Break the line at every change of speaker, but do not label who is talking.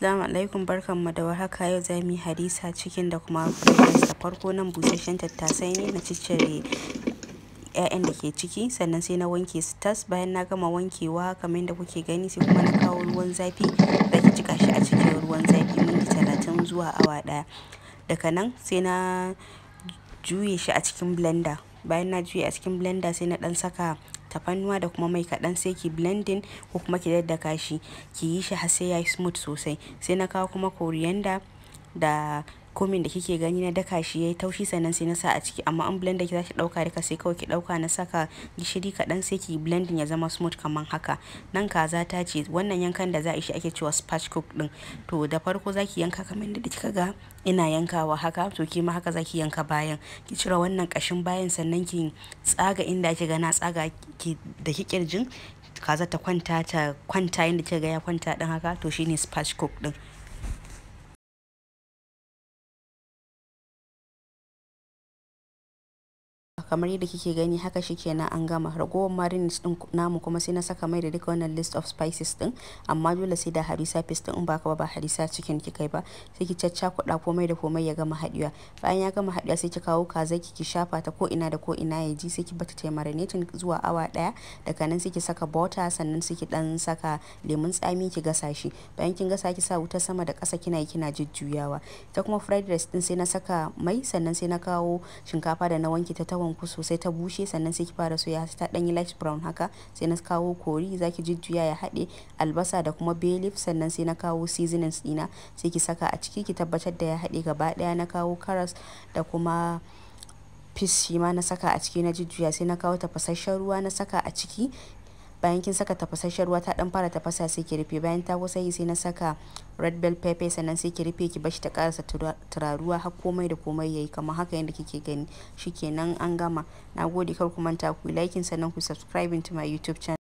Assalamu alaikum barkanmu da warhaka yau za mu yi hadisa cikin da kuma da farko nan busasshen tattasai ne na ciccire ƴaƴan da ke ciki sannan sai na wanke su tas bayan na gama wankewa kamar yadda kuke gani sai kuma na kawo ruwan zafi da ke jika shi a cikin ruwan zafi minti talatin zuwa awa ɗaya daga nan sai na juye shi a cikin blender bayan na juye a cikin blender sai na ɗan saka tafannuwa da kuma mai kaɗan sai ki blending ko kuma ki daddaka shi ki yi shi har sai ya yi smooth sosai sai na kawo kuma coriander da komin da kike gani na daka shi yayi taushi sannan sai na sa a ciki amma an blender ki zaki dauka duka sai kawai ki dauka na saka gishiri kadan sai ki blending ya zama smooth kaman haka nan kaza ta ce wannan yankan da za a shi ake cewa spatch cook din to da farko zaki yanka kamar yadda kika ga ina yankawa haka to ki ma haka zaki yanka bayan ki cire wannan kashin bayan sannan ki tsaga inda ake gana na tsaga ki da
kirjin kaza ta kwanta ta kwanta inda kika ga ya kwanta din haka to shine spatch cook din kamar yadda kike gani haka na an gama ragowar marinades din
namu kuma sai na saka mai da duka wannan list of spices din amma dole sai da harisa paste din ba ka ba harisa cikin ki kai ba sai ki cacca caccakuɗa komai da komai ya gama haɗiya bayan ya gama haɗiya sai ki kawo kaza ki ki shafa ta ko ina da ko ina ya ji sai ki bata ta marinating zuwa awa daya daga nan sai ki saka butter sannan sai ki dan saka lemun tsami ki gasa shi bayan kin gasa ki sa wuta sama da kasa kina yi kina jujjuyawa ta kuma fried rice din sai na saka mai sannan sai na kawo shinkafa da na wanke ta tawon daku sosai ta bushe sannan sai ki fara soya ta dan yi light brown haka sai na kawo kori zaki jujjuya ya hade albasa da kuma bay leaf sannan sai na kawo seasonings dina sai ki saka a ciki ki tabbatar da ya hade gaba daya na kawo karas da kuma fis shi ma na saka a ciki na jujjuya sai na kawo tafasasshen ruwa na saka a ciki bayan kin saka tafasasshen ruwa ta dan fara tafasa sai ki rufe bayan ta kusa yi sai na saka red bell pepper sannan sai ki rufe ki bashi ta karasa turaruwa har komai da komai yayi kamar haka yadda
kike gani shikenan an gama nagode kar ku manta ku likin sannan ku subscribe to my youtube channel